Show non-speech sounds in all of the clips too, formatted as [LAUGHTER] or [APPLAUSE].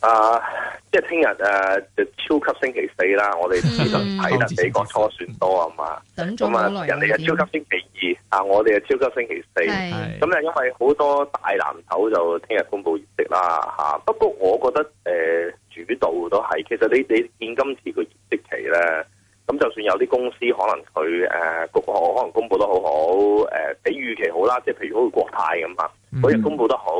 誒、uh,，即係聽日誒就超級星期四啦，我哋之前睇得美國初選多啊嘛，咁啊人哋嘅超級星期二，啊、嗯、我哋嘅超級星期四，咁咧因為好多大藍籌就聽日公布業績啦吓，不過我覺得誒、呃、主導都係，其實你你見今次個業績期咧，咁就算有啲公司可能佢誒個可能公布得好好，誒、呃、比預期好啦，即係譬如好似國泰咁啊，嗰、嗯、日公布得好，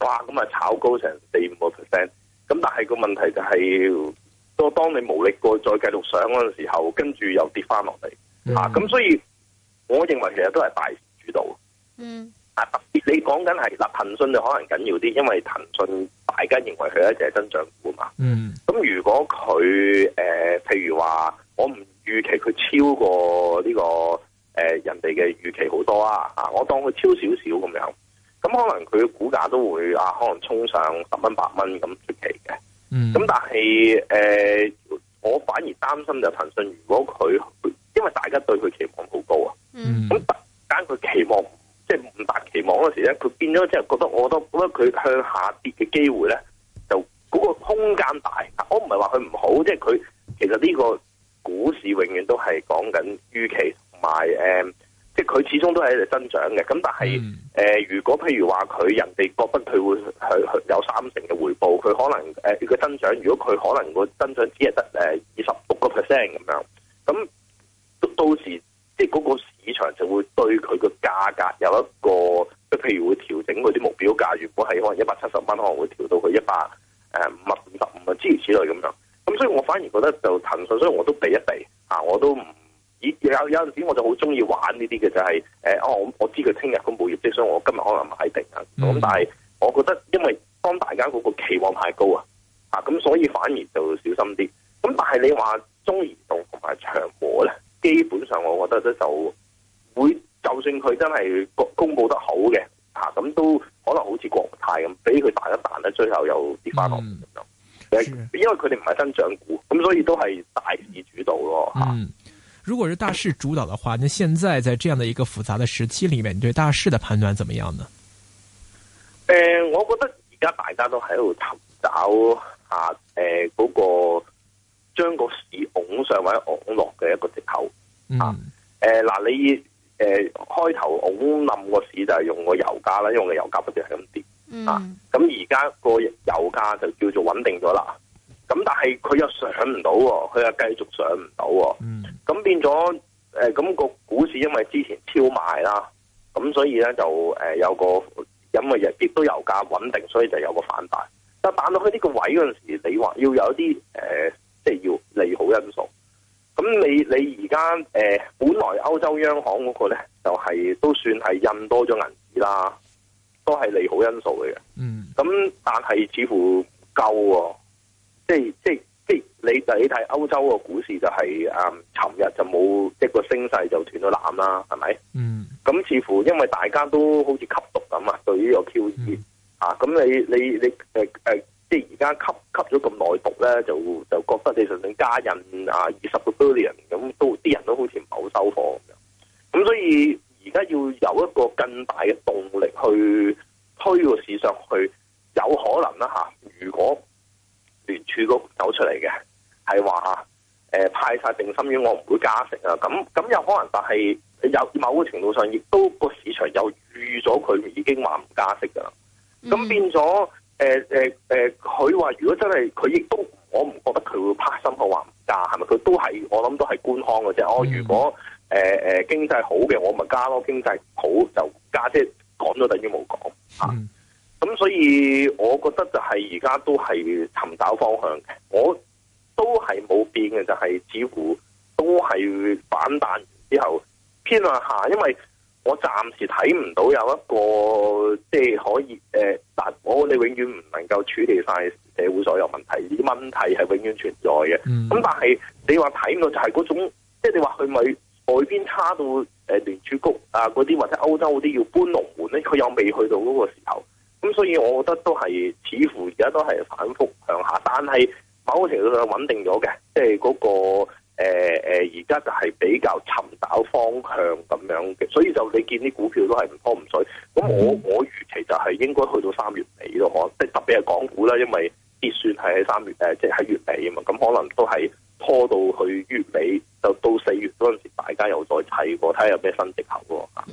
哇咁啊炒高成四五個 percent。咁但係個問題就係、是，到當你無力過再繼續上嗰陣時候，跟住又跌翻落嚟,吓，咁、mm-hmm. 啊、所以我認為其實都係大主導。嗯、mm-hmm. 啊，啊，特別你講緊係嗱，騰訊就可能緊要啲，因為騰訊大家認為佢一隻係增長股嘛。嗯、mm-hmm. 啊。咁如果佢誒、呃，譬如話我唔預期佢超過呢、這個誒、呃、人哋嘅預期好多啊，啊，我當佢超少少咁樣。可能佢嘅股價都會啊，可能衝上十蚊八蚊咁出奇嘅。咁、嗯、但係誒、呃，我反而擔心就騰訊，如果佢因為大家對佢期望好高啊，咁突然間佢期望即係唔達期望嗰時咧，佢變咗即係覺得我都覺得佢向下跌嘅機會咧，就嗰個空間大。我唔係話佢唔好，即係佢其實呢個股市永遠都係講緊預期。佢始終都喺度增長嘅，咁但係，誒、嗯呃，如果譬如話佢人哋覺得佢會，佢有三成嘅回報，佢可能誒嘅、呃、增長，如果佢可能個增長只係得誒二十六個 percent 咁樣，咁到到時即係嗰個市場就會對佢個價格有一個，即譬如會調整佢啲目標價，如果係可能一百七十蚊，可能會調到佢一百誒五五十五啊，諸如此類咁樣。咁所以我反而覺得就騰訊，所以我都避一避，啊，我都唔。嗯、有有陣時我就好中意玩呢啲嘅就係、是，誒、呃，哦，我我知佢聽日公布業績，所以我今日可能買定啊。咁、嗯、但係我覺得，因為當大家嗰個期望太高啊，啊，咁所以反而就小心啲。咁但係你話中移動同埋長和咧，基本上我覺得咧就會，就算佢真係公公布得好嘅，啊，咁都可能好似國泰咁，俾佢彈一彈咧，最後又跌翻落嚟咁就。因為佢哋唔係增長股，咁所以都係大市主導咯，嚇、啊。嗯。如果是大市主導嘅話，那現在在這樣的一個複雜嘅時期裏面，你對大市嘅判斷怎麼樣呢？誒、呃，我覺得而家大家都喺度尋找啊，誒、呃，嗰、那個將個市拱上或者拱落嘅一個借口、嗯、啊。誒，嗱，你誒、呃、開頭拱冧個市就係用個油價啦，因為個油價不斷係咁跌、嗯、啊。咁而家個油價就叫做穩定咗啦。咁但係佢又上唔到，佢又繼續上唔到。嗯。咁變咗，誒、呃、咁、那個股市因為之前超賣啦，咁所以咧就誒、呃、有個，因日亦都油價穩定，所以就有個反彈。但係彈到佢呢個位嗰陣時候，你話要有啲誒、呃，即係要利好因素。咁你你而家誒，本來歐洲央行嗰個咧就係、是、都算係印多咗銀紙啦，都係利好因素嚟嘅。嗯。咁但係似乎唔夠、哦，即係即係。即係你你睇歐洲個股市就係誒，尋日就冇一個升勢就斷咗纜啦，係咪？嗯，咁、就是 mm. 似乎因為大家都好似吸毒咁、mm. 啊，對於個 QE 啊，咁你你你誒誒，即係而家吸吸咗咁耐毒咧，就就覺得你純粹加印啊二十個 billion 咁，都啲人都好似唔係好收貨咁樣。咁所以而家要有一個更大嘅動力去推個市場去，有可能啦吓、啊，如果。聯儲局走出嚟嘅係話，誒、呃、派晒定心丸，我唔會加息啊！咁咁有可能，但係有、呃、某個程度上亦都個市場又預咗佢已經話唔加息㗎喇。咁變咗，誒誒誒，佢、呃、話、呃呃、如果真係佢亦都，我唔覺得佢會拍心口話唔加，係咪？佢都係我諗都係官腔嘅啫。我是、嗯、如果誒誒、呃、經濟好嘅，我咪加咯；經濟好就加，即係講咗等於冇講啊。嗯咁、嗯、所以，我覺得就係而家都係尋找方向嘅。我都係冇變嘅，就係似乎都係反彈完之後偏向下，因為我暫時睇唔到有一個即係可以誒、呃、但我你永遠唔能夠處理晒社會所有問題呢啲問題，係永遠存在嘅。咁、嗯嗯、但係你話睇到就係嗰種，即係你話佢咪外邊差到誒聯儲局啊嗰啲或者歐洲嗰啲要搬龍門咧，佢又未去到嗰個時候。咁所以，我覺得都係似乎而家都係反覆向下，但係某程度上穩定咗嘅，即係嗰個誒誒而家就係比較尋找方向咁樣嘅，所以就你見啲股票都係唔湯唔水。咁我我預期就係應該去到三月尾咯，可，即係特別係港股啦，因為結算係喺三月誒，即係喺月尾啊嘛，咁可能都係拖到去月尾，就到四月嗰陣時，大家又再睇過，睇下有咩新直頭喎。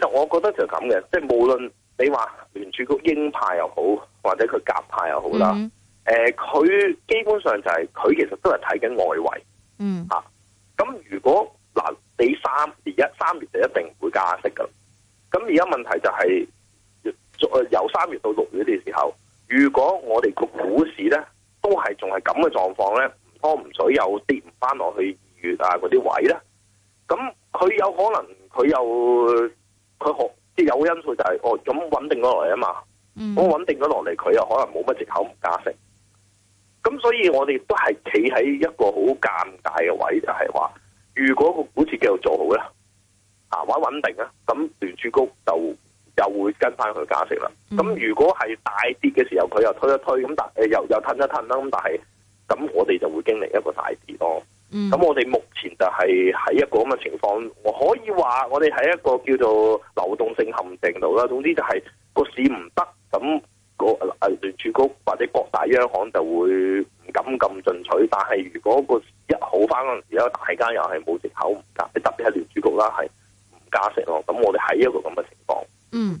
其實我覺得就咁嘅，即係無論你話聯儲局鷹派又好，或者佢鴿派又好啦，誒、mm-hmm. 呃，佢基本上就係、是、佢其實都係睇緊外圍，嗯、mm-hmm. 啊，吓，咁如果嗱，你三而一、三月就一定唔會加息噶，咁而家問題就係、是呃，由三月到六月嘅時候，如果我哋個股市咧都係仲係咁嘅狀況咧，唔湯唔水又跌唔翻落去二月啊嗰啲位咧，咁佢有可能佢又。他有佢學即係有因素就係、是、哦咁穩定咗落嚟啊嘛，我、嗯、穩定咗落嚟，佢又可能冇乜借口唔加息，咁所以我哋都係企喺一個好尷尬嘅位，就係、是、話如果個股市繼續做好啦，啊玩穩定啊，咁聯儲局就又會跟翻佢加息啦。咁如果係大跌嘅時候，佢又推一推，咁但誒又又褪一褪啦，咁但係咁我哋就會經歷一個大跌咯。咁、嗯、我哋目前就係喺一個咁嘅情況，我可以話我哋喺一個叫做流動性陷阱度啦。總之就係、個市唔得，咁個聯儲局或者各大央行就會唔敢咁進取。但係如果個市一好翻嗰陣時，咧大家又係冇借口唔加，特別係聯儲局啦，係唔加息咯。咁我哋喺一個咁嘅情況。嗯。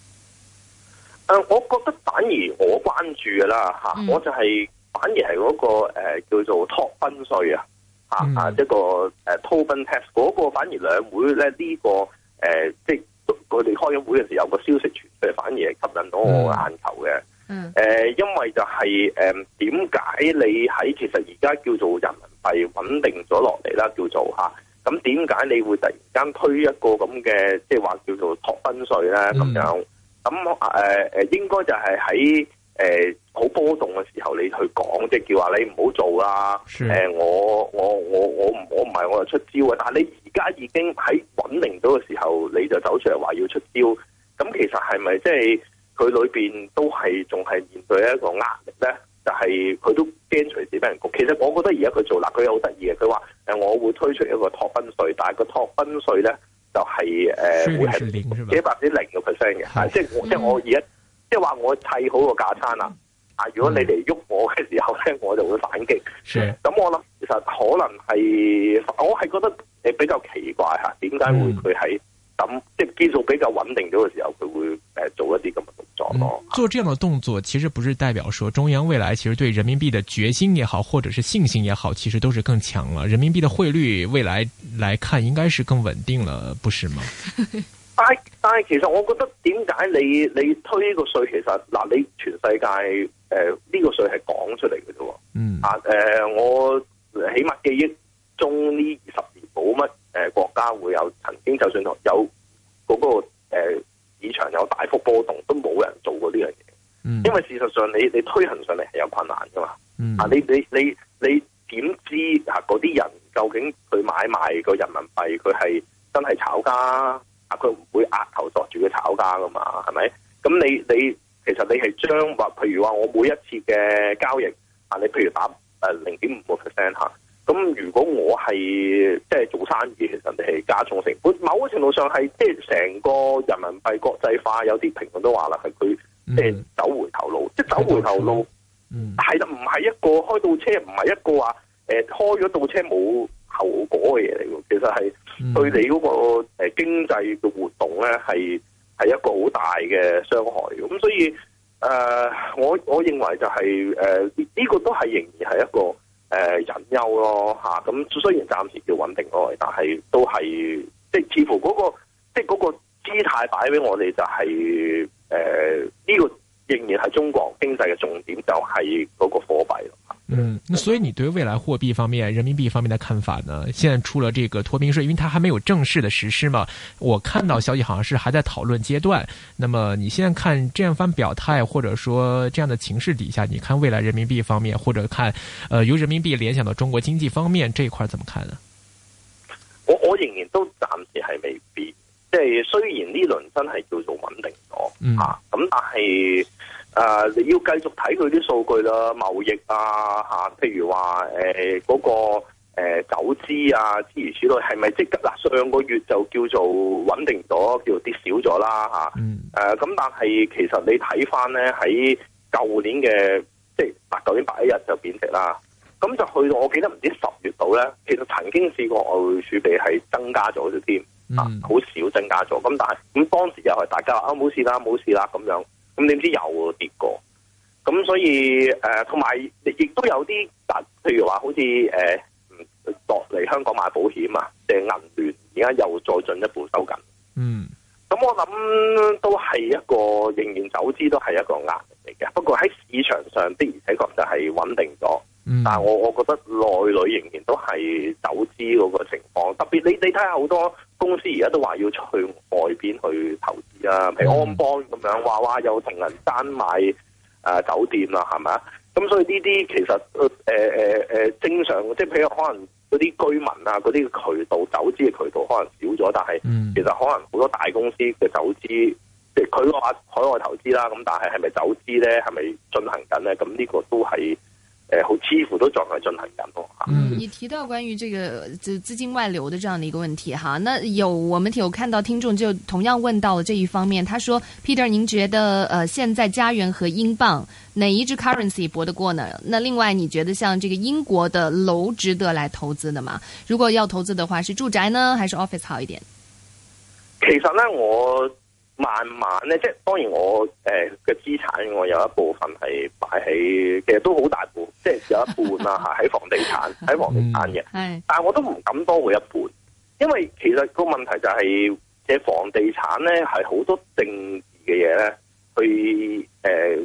我覺得反而我關注嘅啦，吓、嗯，我就係反而係嗰、那個誒、呃、叫做托賓稅啊，吓、嗯、吓，啊就是、一個誒托賓 tax 嗰個反而兩會咧呢、這個誒，即係佢哋開咗會嘅時候，個消息傳出，反而係吸引到我嘅眼球嘅，嗯，誒、嗯呃，因為就係、是、誒，點、呃、解你喺其實而家叫做人民幣穩定咗落嚟啦，叫做吓，咁點解你會突然間推一個咁嘅即係話叫做托賓稅咧咁樣？嗯咁誒誒，應該就係喺誒好波動嘅時候，你去講，即係叫話你唔好做啦。誒、呃，我我我我唔我唔係我就出招啊！但係你而家已經喺穩定到嘅時候，你就走出嚟話要出招。咁其實係咪即係佢裏邊都係仲係面對一個壓力咧？就係、是、佢都驚隨時俾人攻。其實我覺得而家佢做，嗱佢又好得意嘅。佢話誒我會推出一個托賓稅，但係個托賓稅咧。就係、是、誒、呃、會係幾百分之零個 percent 嘅，即係即係我而家即係話我砌好個架撐啦。啊，如果你哋喐我嘅時候咧、嗯，我就會反擊。咁我諗其實可能係我係覺得誒比較奇怪嚇，點解會佢喺咁即係基礎比較穩定咗嘅時候，佢會誒做一啲咁。嗯、做這樣的動作，其實不是代表說中央未來其實對人民幣的決心也好，或者是信心也好，其實都是更強了。人民幣的匯率未來來，來看，應該是更穩定了，不是嗎？ [LAUGHS] 但係其實我覺得點解你你推呢個稅，其實嗱、啊，你全世界誒呢、呃，這個稅係講出嚟嘅啫，嗯啊誒、呃，我起碼記憶中呢二十年冇乜誒國家會有曾經就算有嗰、那個誒、呃、市場有大幅波動，都冇人。因為事實上你，你你推行上嚟係有困難噶嘛，啊、嗯，你你你你點知啊嗰啲人究竟佢買埋個人民幣佢係真係炒家，啊佢唔會額頭托住佢炒家噶嘛，係咪？咁你你其實你係將話譬如話我每一次嘅交易，啊你譬如打誒零點五個 percent 吓，咁如果我係即係做生意，其實你係加重成本，某個程度上係即係成個人民幣國際化，有啲評論都話啦，係佢。嗯、走回頭路，即係走回頭路，係啦，唔係一個開到車，唔係一個話誒開咗到車冇後果嘅嘢嚟嘅，其實係對你嗰個誒經濟嘅活動咧，係係一個好大嘅傷害。咁、嗯、所以誒、呃，我我認為就係誒呢個都係仍然係一個誒、呃、隱憂咯。吓，咁雖然暫時叫穩定咯，但係都係即係似乎嗰個即係嗰個。姿態擺俾我哋就係誒呢個仍然係中國經濟嘅重點，就係、是、嗰個貨幣咯。嗯，所以你對未來貨幣方面、人民幣方面的看法呢？現在出了這個托賓稅，因為它還沒有正式的實施嘛，我看到消息好像是還在討論階段。那麼你現在看這樣一番表態，或者說這樣的情勢底下，你看未來人民幣方面，或者看，呃由人民幣聯想到中國經濟方面這一塊，怎麼看呢？我我仍然都暫時係未必。即係雖然呢輪真係叫做穩定咗、嗯，啊咁但係誒、呃、你要繼續睇佢啲數據啦，貿易啊吓、啊，譬如話誒嗰個誒走資啊諸如此類，係咪積得嗱？上個月就叫做穩定咗，叫做跌少咗啦吓。誒、啊、咁、嗯啊、但係其實你睇翻咧喺舊年嘅即係八九年八一日就貶值啦，咁就去到我記得唔知十月度咧，其實曾經試過外匯儲備係增加咗啲添。Mm. 啊，好少增加咗，咁但係咁、嗯、當時又係大家說啊冇事啦，冇事啦咁樣，咁點知又跌過，咁所以誒，同埋亦都有啲，但、啊、譬如話好似誒，落、呃、嚟香港買保險啊，即係銀聯而家又再進一步收緊，mm. 嗯，咁我諗都係一個仍然走資都係一個壓力嚟嘅，不過喺市場上的而且確就係穩定咗。嗯、但係我我覺得內裏仍然都係走資嗰個情況，特別你你睇下，好多公司而家都話要去外邊去投資啊，譬、嗯、如安邦咁樣，話話有同人單買誒、呃、酒店啊，係咪啊？咁所以呢啲其實誒誒誒正常，即係譬如可能嗰啲居民啊，嗰啲渠道走資嘅渠道可能少咗，但係其實可能好多大公司嘅走資，即係佢話海外投資啦，咁但係係咪走資咧？係咪進行緊咧？咁呢個都係。誒、呃，好似乎都在進行緊咯嚇。嗯，你提到關於這個資資金外流的這樣的一個問題哈，那有我們有看到聽眾就同樣問到了這一方面，他說 Peter，您覺得呃現在加元和英鎊哪一支 currency 搏得過呢？那另外，你覺得像這個英國的樓值得來投資的嗎？如果要投資的話，是住宅呢，還是 office 好一點？其實呢，我慢慢呢，即係當然我誒嘅資產，我有一部分係擺喺，其實都好大部分。即 [LAUGHS] 係有一半啦，吓喺房地產，喺房地產嘅、嗯。但係我都唔敢多佢一半，因為其實個問題就係、是，即房地產咧係好多政治嘅嘢咧，去、呃、誒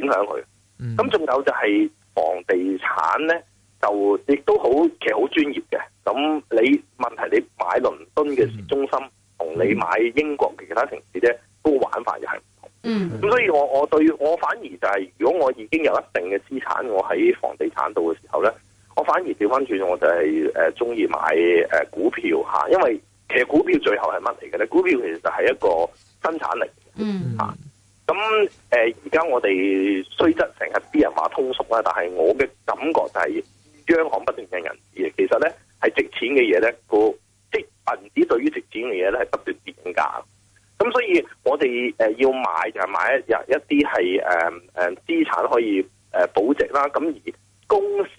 影響佢。咁、嗯、仲有就係房地產咧，就亦都好，其實好專業嘅。咁你問題你買倫敦嘅市中心，同你買英國嘅其他城市咧，嗰個玩法又係。嗯，咁所以我我對我反而就係、是，如果我已經有一定嘅資產，我喺房地產度嘅時候咧，我反而掉返轉，我就係誒鍾意買誒、呃、股票吓、啊，因為其實股票最後係乜嚟嘅咧？股票其實係一個生產力，嗯啊，咁誒而家我哋雖則成日啲人話通縮，但係我嘅感覺就係、是、央行不斷嘅銀紙，其實咧係值錢嘅嘢咧，個即銀紙對於值錢嘅嘢咧係不斷跌價。咁所以，我哋誒要買就係買一入一啲係誒誒資產可以誒保值啦。咁、啊、而公司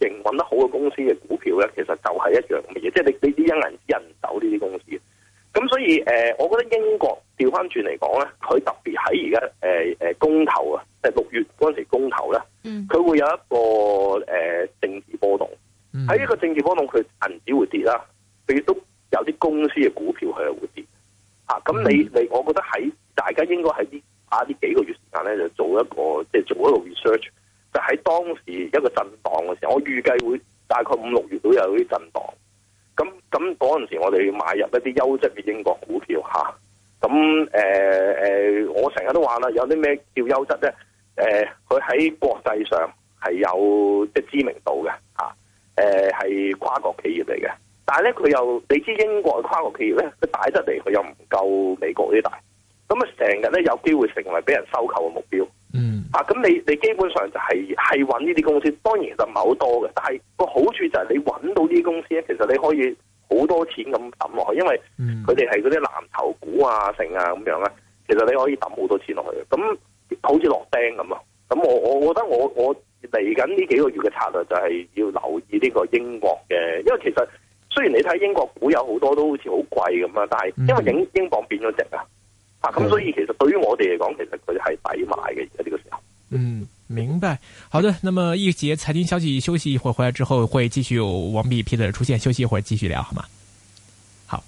營運得好嘅公司嘅股票咧，其實就係一樣嘅嘢。即、就、係、是、你你啲英人人走呢啲公司，咁所以誒、呃，我覺得英國調翻轉嚟講咧，佢特別喺而家誒誒公投啊，即係六月嗰陣時公投咧，佢會有一個誒、呃、政治波動。喺、嗯、呢個政治波動，佢銀紙會跌啦，佢亦都有啲公司嘅股票係會跌。咁你你，我覺得喺大家應該喺呢啊呢幾個月時間咧，就做一個即係、就是、做一個 research。就喺當時一個震蕩嘅時候，我預計會大概五六月都有啲震蕩。咁咁嗰陣時，我哋要買入一啲優質嘅英國股票吓。咁誒誒，我成日都話啦，有啲咩叫優質咧？誒、呃，佢喺國際上係有即係知名度嘅吓。誒、呃，係跨國企業嚟嘅。但係咧，佢又你知英國嘅跨國企業咧，佢大得嚟，佢又唔夠美國啲大。咁啊，成日咧有機會成為俾人收購嘅目標。嗯，啊，咁你你基本上就係係揾呢啲公司。當然，就唔係好多嘅。但係個好處就係你揾到啲公司咧，其實你可以好多錢咁抌落去，因為佢哋係嗰啲藍籌股啊、成啊咁樣咧。其實你可以抌好多錢落去。咁好似落釘咁啊！咁我我我覺得我我嚟緊呢幾個月嘅策略就係要留意呢個英國嘅，因為其實。雖然你睇英國股有好多都好似好貴咁樣，但係因為英英鎊變咗值、嗯、啊，啊咁所以其實對於我哋嚟講，其實佢係抵買嘅，而家呢個時候，嗯，明白。好的，那麼一節財經消息，休息一會，回來之後會繼續有王弼 Peter 出現。休息一會繼續聊好嗎？好。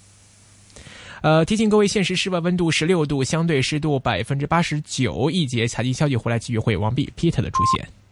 呃，提醒各位，現時室外温度十六度，相對濕度百分之八十九。一節財經消息回來，繼續會有王弼 Peter 的出現。